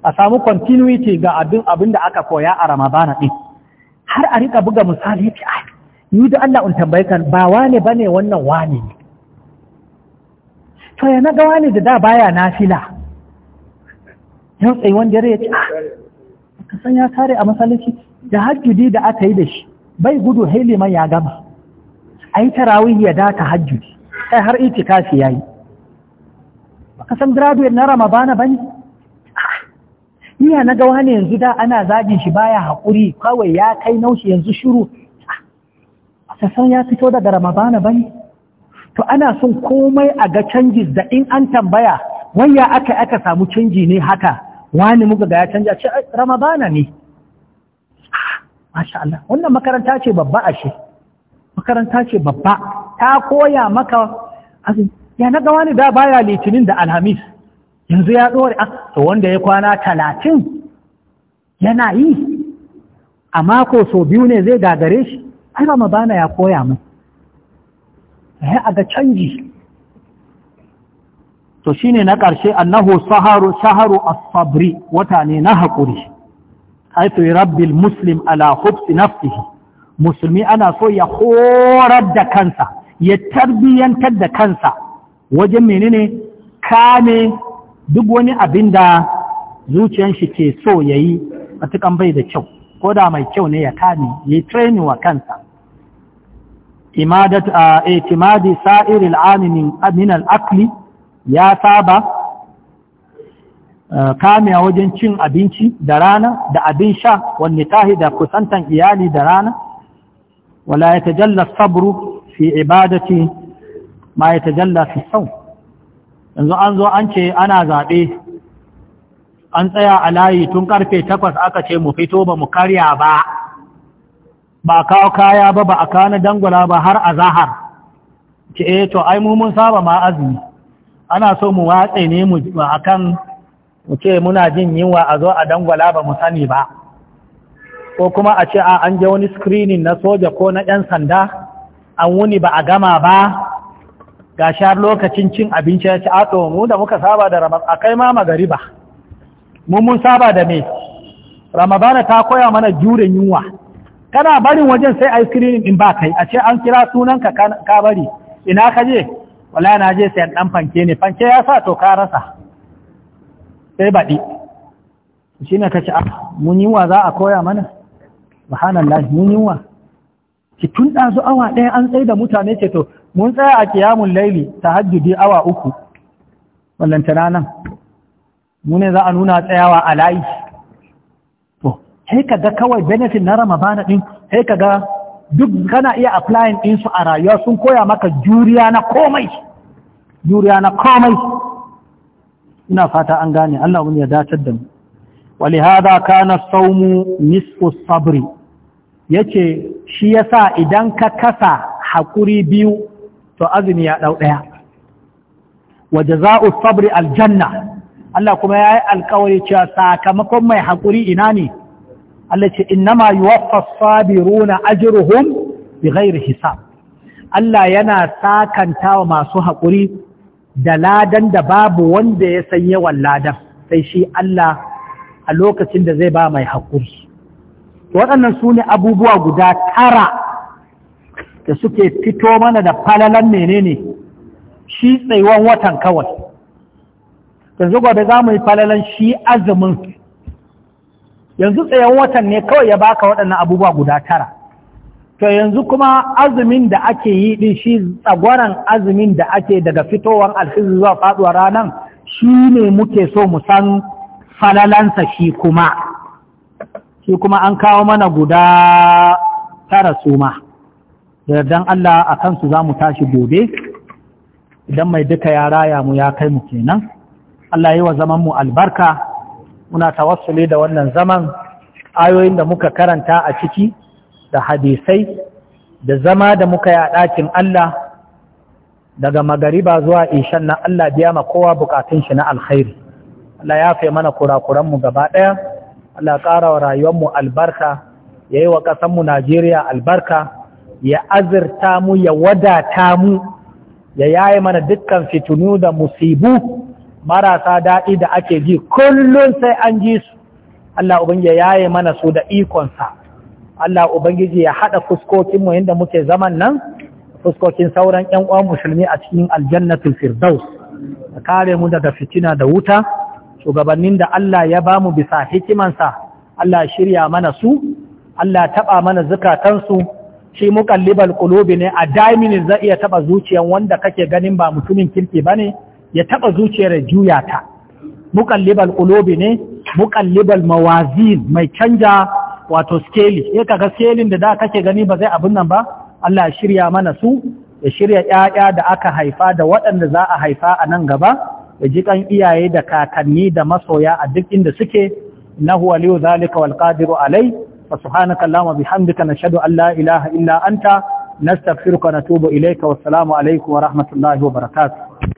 S1: a samu continuity ga abin da aka koya a ramadana ɗin har a riƙa buga misali ya fi ni da Allah in tambayi ka, ba wane bane wannan wane ne to ya naga wani da da baya nafila yau tsaye wanda ya ce ah, ka san ya kare a masallaci da hajjudi da aka yi da shi bai gudu mai ya gama a yi tarawi ya data hajji. hajjudi kai har kafi ya yi ka san graduate na ramabana ba ne ah, iya na gawa ne yanzu da ana zagin shi baya haƙuri kawai ya kai naushi yanzu shuru a ah, sassan ya fito daga ramabana ba ne to ana son komai a ga canji da in an tambaya wanya aka aka samu canji ne haka wani muka ga ya canja ce ramadana ne masha Allah wannan makaranta ce babba ashe makaranta ce babba ta koya maka ya na wani da baya litinin da alhamis yanzu ya ɗore ah, to wanda ya kwana talatin yana yi a mako sau biyu ne zai gagare shi ai ramadana ya koya mai sai a ga canji to shine na ƙarshe annahu saharu saharu as-sabri wata ne na haƙuri haitu rabbil muslim ala hubsi nafsihi musulmi ana so ya horar da kansa ya tarbiyantar da kansa wajen menene kame duk wani abin da zuciyar shi ke so yayi tukan bai da kyau ko da mai kyau ne ya kame ya training wa kansa imadat a itimadi sa'iril aminin aminal akli ya saba kamiya wajen cin abinci da rana da abin sha wani tahi da kusantan iyali da rana wala ya tajalla sabru fi ibadati ma ya tajalla fi sau yanzu an zo an ce ana zaɓe an tsaya a layi tun karfe takwas aka ce mu fito ba mu karya ba ba kawo kaya ba ba a kana dangwala ba har a zahar ce e eh, to ai mu mun saba ma azumi ana so mu watse ne mu akan mu ce muna jin yunwa a zo a dangwala ba mu sani ba ko kuma a ce a an je wani screening na soja ko na 'yan sanda an wuni ba a gama ba ga shar lokacin cin abinci ya ci a to mu da muka saba da ramadan a kai ma magariba mun mun saba da me Ramadana ta koya mana jure yunwa kana barin wajen sai a yi screening in ba kai a ce an kira sunan ka ka bari ina ka je wala na je sai dan fanke ne fanke ya sa to ka rasa sai baɗi shi ne ka ce ah mun yi wa za a koya mana subhanallah mun yi wa ki tun ɗazu awa ɗaya an tsaye da mutane ce to mun tsaya a kiyamun laili tahajjudi awa uku tana nan mu ne za a nuna tsayawa a layi sai ka ga kawai benefit na ramadana din sai ka ga duk kana iya applying din su a rayuwa sun koya maka juriya na komai juriya na komai ina fata an gane Allah mun ya dace da mu hada kana saumu nisfu sabri yace shi yasa idan ka kasa hakuri biyu to azumi ya dau daya wa jaza'u sabri aljanna Allah kuma yayi alkawari cewa sakamakon mai hakuri ina ne Allah ce innama yuwaffas sabiruna ajruhum bighairi hisab Allah yana sakanta wa masu haƙuri da ladan da babu wanda ya san yawan ladan sai shi Allah a lokacin da zai ba mai haƙuri waɗannan sune abubuwa guda tara da suke fito mana da falalan menene shi tsaiwon watan kawai yanzu gobe za mu yi falalan shi azumin yanzu tsayen watan ne kawai ya baka waɗannan abubuwa guda tara to yanzu kuma azumin da ake yi ɗin shi tsagwaran azumin da ake daga fitowar alfizu zuwa faɗuwa ranar shi ne muke so mu san falalansa shi kuma shi kuma an kawo mana guda tara suma da yardan Allah a kansu za mu tashi gobe idan mai duka ya raya mu ya kai mu kenan Allah yi wa zaman mu albarka muna wasule da wannan zaman ayoyin da muka karanta a ciki da hadisai da zama da muka yi a ɗakin Allah daga magariba zuwa ishan na Allah biya ma kowa bukatun shi na alkhairi Allah ya fai mana kurakuranmu gaba ɗaya Allah ƙara wa rayuwarmu albarka ya yi wa ƙasanmu Najeriya albarka ya azirta mu ya wadata mu ya yaye mana dukkan fitunu da musibu marasa daɗi da ake ji kullum sai an ji su Allah ubangiji ya yi mana su da ikonsa Allah ubangiji ya haɗa fuskokinmu yadda muke zaman nan fuskokin sauran ‘yan uwan musulmi a cikin aljannatul firdaus da kare mu daga fitina da wuta shugabannin da Allah ya ba mu bisa hikimansa Allah shirya mana su Allah taɓa mana zukatansu shi muƙallibal kulubi ne a daimini zai iya taɓa zuciyan wanda kake ganin ba mutumin kirki ba ne ya taɓa zuciyar juya ta muƙallibal ƙulobi ne muƙallibal mawazin mai canja wato skeli ya kaga skelin da da kake gani ba zai abin nan ba Allah ya shirya mana su ya shirya ƴaƴa da aka haifa da waɗanda za a haifa a nan gaba ya ji kan iyaye da kakanni da masoya a duk inda suke innahu waliyu zalika wal qadiru alai wa subhanaka allahumma bihamdika nashhadu an la ilaha illa anta nastaghfiruka wa natubu ilayka wassalamu alaikum wa rahmatullahi wa barakatuh